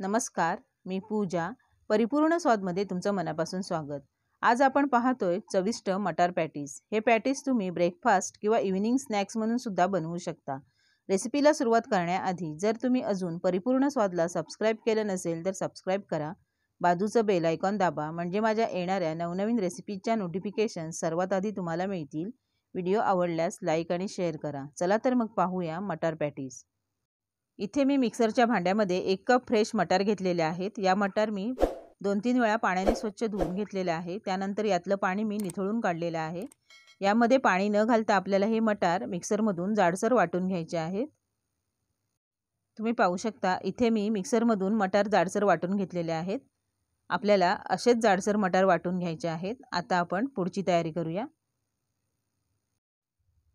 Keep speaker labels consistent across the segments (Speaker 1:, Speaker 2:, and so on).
Speaker 1: नमस्कार मी पूजा परिपूर्ण स्वादमध्ये तुमचं मनापासून स्वागत आज आपण पाहतोय चविष्ट मटार पॅटीस हे पॅटीस तुम्ही ब्रेकफास्ट किंवा इव्हिनिंग स्नॅक्स म्हणून सुद्धा बनवू शकता रेसिपीला सुरुवात करण्याआधी जर तुम्ही अजून परिपूर्ण स्वादला सबस्क्राईब केलं नसेल तर सबस्क्राईब करा बाजूचं बेल आयकॉन दाबा म्हणजे माझ्या येणाऱ्या नवनवीन रेसिपीच्या नोटिफिकेशन सर्वात आधी तुम्हाला मिळतील व्हिडिओ आवडल्यास लाईक आणि शेअर करा चला तर मग पाहूया मटार पॅटीस इथे मी मिक्सरच्या भांड्यामध्ये एक कप फ्रेश मटार घेतलेले आहेत या मटार मी दोन तीन वेळा पाण्याने स्वच्छ धुवून घेतलेले आहे त्यानंतर यातलं पाणी मी निथळून काढलेलं आहे यामध्ये पाणी न घालता आपल्याला हे मटार मिक्सरमधून जाडसर वाटून घ्यायचे आहेत तुम्ही पाहू शकता इथे मी मिक्सरमधून मटार जाडसर वाटून घेतलेले आहेत आपल्याला असेच जाडसर मटार वाटून घ्यायचे आहेत आता आपण पुढची तयारी करूया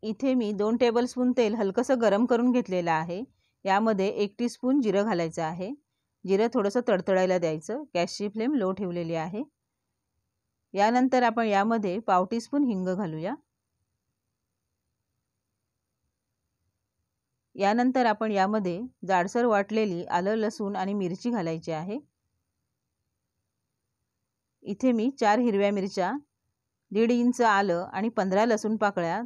Speaker 1: इथे मी दोन टेबलस्पून तेल हलकंसं गरम करून घेतलेलं आहे यामध्ये एक टी स्पून जिरं घालायचं आहे जिरं थोडंसं तडतडायला द्यायचं गॅसची फ्लेम लो ठेवलेली आहे यानंतर आपण यामध्ये पाव टी स्पून हिंग घालूया यानंतर आपण यामध्ये जाडसर वाटलेली आलं लसूण आणि मिरची घालायची आहे इथे मी चार हिरव्या मिरच्या दीड इंच आलं आणि पंधरा लसूण पाकळ्या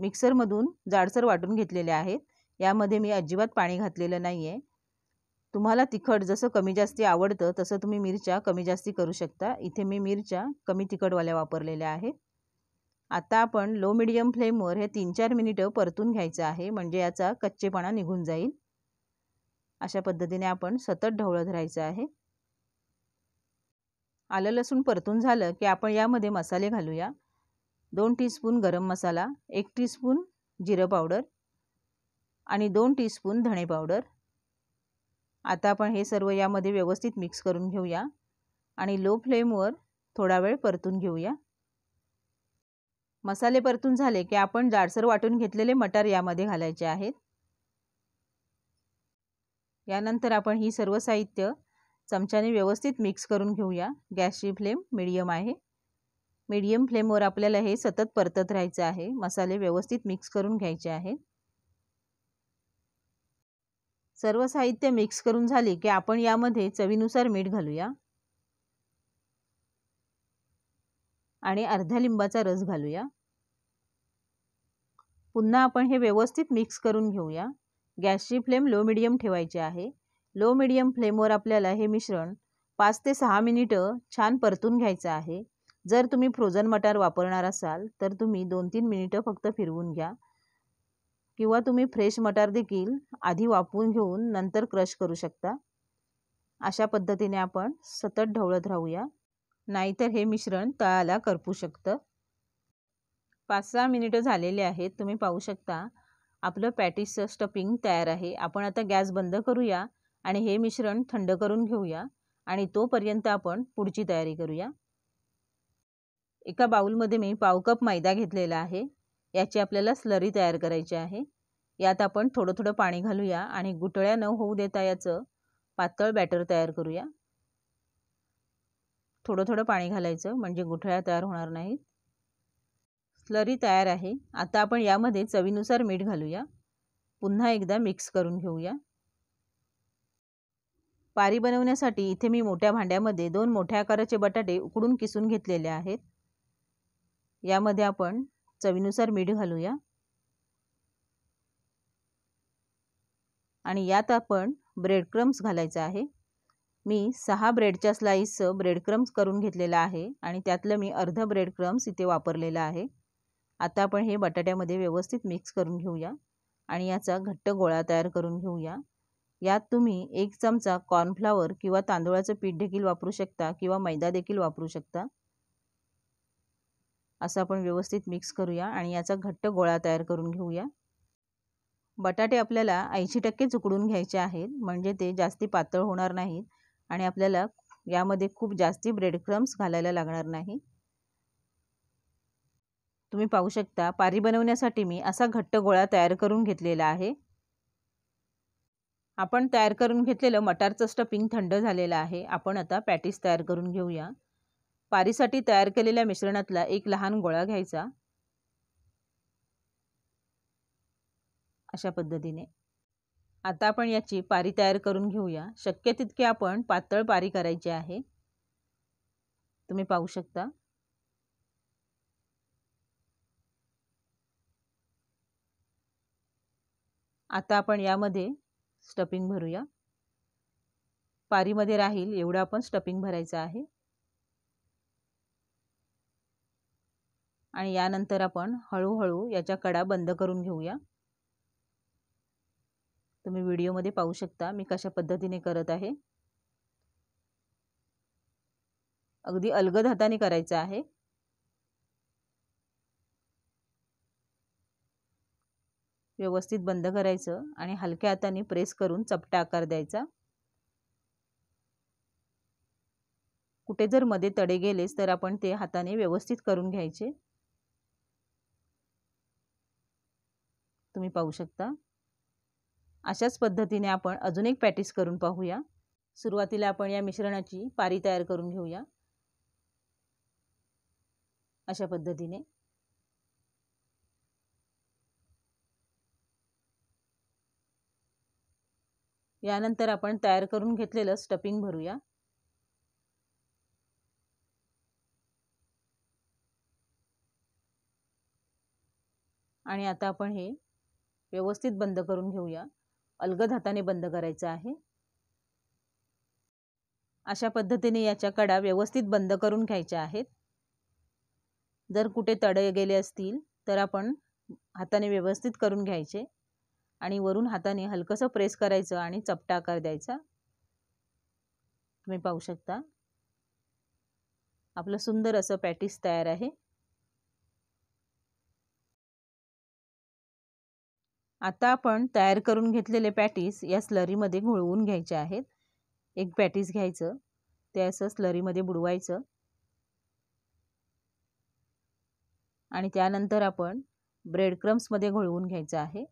Speaker 1: मिक्सरमधून जाडसर वाटून घेतलेल्या आहेत यामध्ये मी अजिबात पाणी घातलेलं नाही आहे तुम्हाला तिखट जसं कमी जास्ती आवडतं तसं तुम्ही मिरच्या कमी जास्ती करू शकता इथे मी मिरच्या कमी तिखटवाल्या वापरलेल्या आहेत आता आपण लो मिडियम फ्लेमवर हे तीन चार मिनिटं परतून घ्यायचं आहे म्हणजे याचा कच्चेपणा निघून जाईल अशा पद्धतीने आपण सतत ढवळत राहायचं आहे आलं लसूण परतून झालं की आपण यामध्ये मसाले घालूया दोन टीस्पून गरम मसाला एक टीस्पून जिरं पावडर आणि दोन टीस्पून धणे पावडर आता आपण हे सर्व यामध्ये व्यवस्थित मिक्स करून घेऊया आणि लो फ्लेमवर थोडा वेळ परतून घेऊया मसाले परतून झाले की आपण जाडसर वाटून घेतलेले मटार यामध्ये घालायचे आहेत यानंतर आपण ही सर्व साहित्य चमच्याने व्यवस्थित मिक्स करून घेऊया गॅसची फ्लेम मिडियम आहे मीडियम फ्लेमवर आपल्याला हे सतत परतत राहायचं आहे मसाले व्यवस्थित मिक्स करून घ्यायचे आहेत सर्व साहित्य मिक्स करून झाले की आपण यामध्ये चवीनुसार मीठ घालूया आणि अर्ध्या लिंबाचा रस घालूया पुन्हा आपण हे व्यवस्थित मिक्स करून घेऊया गॅसची फ्लेम लो मिडियम ठेवायची आहे लो मिडियम फ्लेमवर आपल्याला हे मिश्रण पाच ते सहा मिनिटं छान परतून घ्यायचं आहे जर तुम्ही फ्रोझन मटार वापरणार असाल तर तुम्ही दोन तीन मिनिटं फक्त फिरवून घ्या किंवा तुम्ही फ्रेश मटार देखील आधी वापरून घेऊन नंतर क्रश करू शकता अशा पद्धतीने आपण सतत ढवळत राहूया नाहीतर हे मिश्रण तळाला करपू शकतं पाच सहा मिनिटं झालेले आहेत तुम्ही पाहू शकता आपलं पॅटिसचं स्टफिंग तयार आहे आपण आता गॅस बंद करूया आणि हे मिश्रण थंड करून घेऊया आणि तोपर्यंत आपण पुढची तयारी करूया एका बाउलमध्ये मी पाव कप मैदा घेतलेला आहे याची आपल्याला स्लरी तयार करायची आहे यात आपण थोडं थोडं पाणी घालूया आणि गुटळ्या न होऊ देता याचं पातळ बॅटर तयार करूया थोडं थोडं पाणी घालायचं म्हणजे गुठळ्या तयार होणार नाहीत स्लरी तयार आहे आता आपण यामध्ये चवीनुसार मीठ घालूया पुन्हा एकदा मिक्स करून घेऊया पारी बनवण्यासाठी इथे मी मोठ्या भांड्यामध्ये दोन मोठ्या आकाराचे बटाटे उकडून किसून घेतलेले आहेत यामध्ये आपण चवीनुसार मीठ घालूया आणि यात आपण ब्रेड क्रम्स घालायचं आहे मी सहा ब्रेडच्या स्लाईसचं ब्रेड क्रम्स करून घेतलेला आहे आणि त्यातलं मी अर्ध ब्रेड क्रम्स इथे वापरलेलं आहे आता आपण हे बटाट्यामध्ये व्यवस्थित मिक्स करून घेऊया आणि याचा घट्ट गोळा तयार करून घेऊया यात तुम्ही एक चमचा कॉर्नफ्लावर किंवा तांदुळाचं पीठ देखील वापरू शकता किंवा मैदा देखील वापरू शकता असं आपण व्यवस्थित मिक्स करूया आणि याचा घट्ट गोळा तयार करून घेऊया बटाटे आपल्याला ऐंशी टक्के चुकडून घ्यायचे आहेत म्हणजे ते जास्ती पातळ होणार नाहीत आणि आपल्याला यामध्ये खूप जास्ती ब्रेड क्रम्स घालायला लागणार नाही तुम्ही पाहू शकता पारी बनवण्यासाठी मी असा घट्ट गोळा तयार करून घेतलेला आहे आपण तयार करून घेतलेलं मटारचं स्टफिंग थंड झालेलं आहे आपण आता पॅटीस तयार करून घेऊया पारीसाठी तयार केलेल्या मिश्रणातला एक लहान गोळा घ्यायचा अशा पद्धतीने आता आपण याची पारी तयार करून घेऊया शक्य तितके आपण पातळ पारी करायची आहे तुम्ही पाहू शकता आता आपण यामध्ये स्टफिंग भरूया पारीमध्ये राहील एवढं आपण स्टफिंग भरायचं आहे आणि यानंतर आपण हळूहळू याच्या कडा बंद करून घेऊया तुम्ही व्हिडिओमध्ये पाहू शकता मी कशा पद्धतीने करत आहे अगदी अलगद हाताने करायचं आहे व्यवस्थित बंद करायचं आणि हलक्या हाताने प्रेस करून चपटा आकार द्यायचा कुठे जर मध्ये तडे गेलेच तर आपण ते हाताने व्यवस्थित करून घ्यायचे तुम्ही पाहू शकता अशाच पद्धतीने आपण अजून एक पॅटिस करून पाहूया सुरुवातीला आपण या मिश्रणाची पारी तयार करून घेऊया अशा पद्धतीने यानंतर आपण तयार करून घेतलेलं स्टफिंग भरूया आणि आता आपण हे व्यवस्थित बंद करून घेऊया अलगद हाताने बंद करायचं आहे अशा पद्धतीने याच्या कडा व्यवस्थित बंद करून घ्यायच्या आहेत जर कुठे तडे गेले असतील तर आपण हाताने व्यवस्थित करून घ्यायचे आणि वरून हाताने हलकंसं प्रेस करायचं आणि चपटा आकार द्यायचा तुम्ही पाहू शकता आपलं सुंदर असं पॅटिस तयार आहे आता आपण तयार करून घेतलेले पॅटीस या स्लरीमध्ये घोळवून घ्यायचे आहेत एक पॅटीस घ्यायचं ते असं स्लरीमध्ये बुडवायचं आणि त्यानंतर आपण ब्रेड क्रम्समध्ये घोळवून घ्यायचं आहे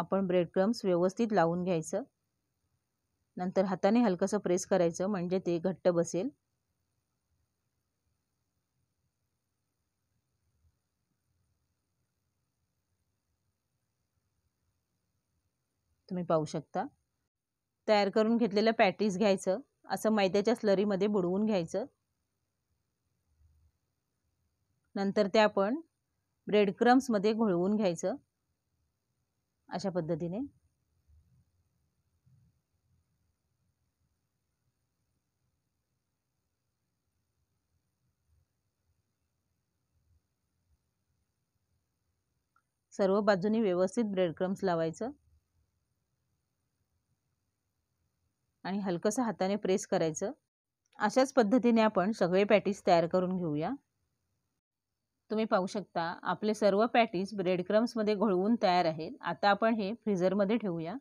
Speaker 1: आपण ब्रेड क्रम्स व्यवस्थित लावून घ्यायचं नंतर हाताने हलकंसं प्रेस करायचं म्हणजे ते घट्ट बसेल तुम्ही पाहू शकता तयार करून घेतलेलं पॅटीस घ्यायचं असं मैद्याच्या स्लरीमध्ये बुडवून घ्यायचं नंतर ते आपण ब्रेड क्रम्समध्ये घोळवून घ्यायचं अशा पद्धतीने सर्व बाजूनी व्यवस्थित ब्रेड क्रम्स लावायचं आणि हलकंसं हाताने प्रेस करायचं अशाच पद्धतीने आपण सगळे पॅटीस तयार करून घेऊया तुम्ही पाहू शकता आपले सर्व पॅटीज ब्रेडक्रम्समध्ये घोळवून तयार आहेत आता आपण हे फ्रीझरमध्ये ठेवूया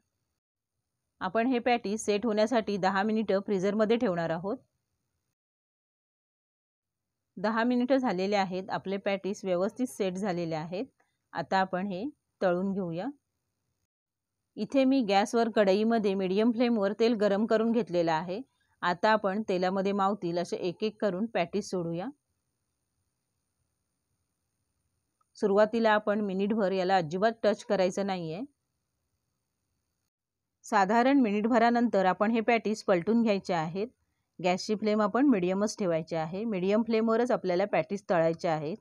Speaker 1: आपण हे पॅटीज सेट होण्यासाठी दहा मिनिटं फ्रीझरमध्ये ठेवणार आहोत दहा मिनिटं झालेले आहेत आपले पॅटीस व्यवस्थित सेट झालेले आहेत आता आपण हे तळून घेऊया इथे मी गॅसवर कढईमध्ये मीडियम फ्लेमवर तेल गरम करून घेतलेलं आहे आता आपण तेलामध्ये मावतील असे एक एक करून पॅटीस सोडूया सुरुवातीला आपण मिनिटभर याला अजिबात टच करायचं नाही आहे साधारण मिनिटभरानंतर आपण हे पॅटीस पलटून घ्यायचे आहेत गॅसची फ्लेम आपण मिडियमच ठेवायची आहे मिडियम फ्लेमवरच आपल्याला पॅटीस तळायचे आहेत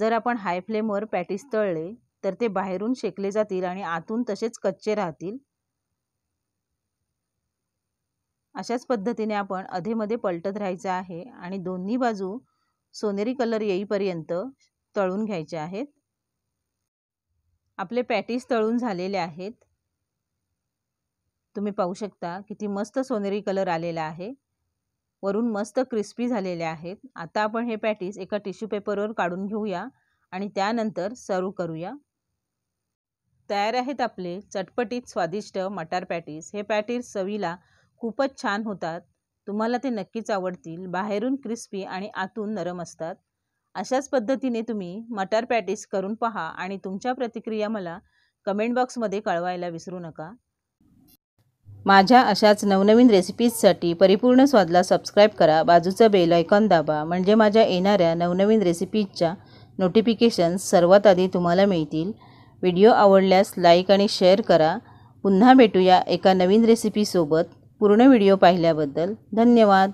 Speaker 1: जर आपण हाय फ्लेमवर पॅटीस तळले तर ते बाहेरून शेकले जातील आणि आतून तसेच कच्चे राहतील अशाच पद्धतीने आपण अधेमध्ये पलटत राहायचं आहे आणि दोन्ही बाजू सोनेरी कलर येईपर्यंत तळून घ्यायचे आहेत आपले पॅटीस तळून झालेले आहेत तुम्ही पाहू शकता किती मस्त सोनेरी कलर आलेला आहे वरून मस्त क्रिस्पी झालेले आहेत आता आपण हे पॅटीस एका टिश्यू पेपरवर काढून घेऊया आणि त्यानंतर सर्व करूया तयार आहेत आपले चटपटीत स्वादिष्ट मटार पॅटीस हे पॅटीस चवीला खूपच छान होतात तुम्हाला ते नक्कीच आवडतील बाहेरून क्रिस्पी आणि आतून नरम असतात अशाच पद्धतीने तुम्ही मटार पॅटीस करून पहा आणि तुमच्या प्रतिक्रिया मला कमेंट बॉक्समध्ये कळवायला विसरू नका माझ्या अशाच नवनवीन रेसिपीजसाठी परिपूर्ण स्वादला सबस्क्राईब करा बाजूचं बेल आयकॉन दाबा म्हणजे माझ्या येणाऱ्या नवनवीन रेसिपीजच्या नोटिफिकेशन्स सर्वात आधी तुम्हाला मिळतील व्हिडिओ आवडल्यास लाईक आणि शेअर करा पुन्हा भेटूया एका नवीन रेसिपीसोबत पूर्ण व्हिडिओ पाहिल्याबद्दल धन्यवाद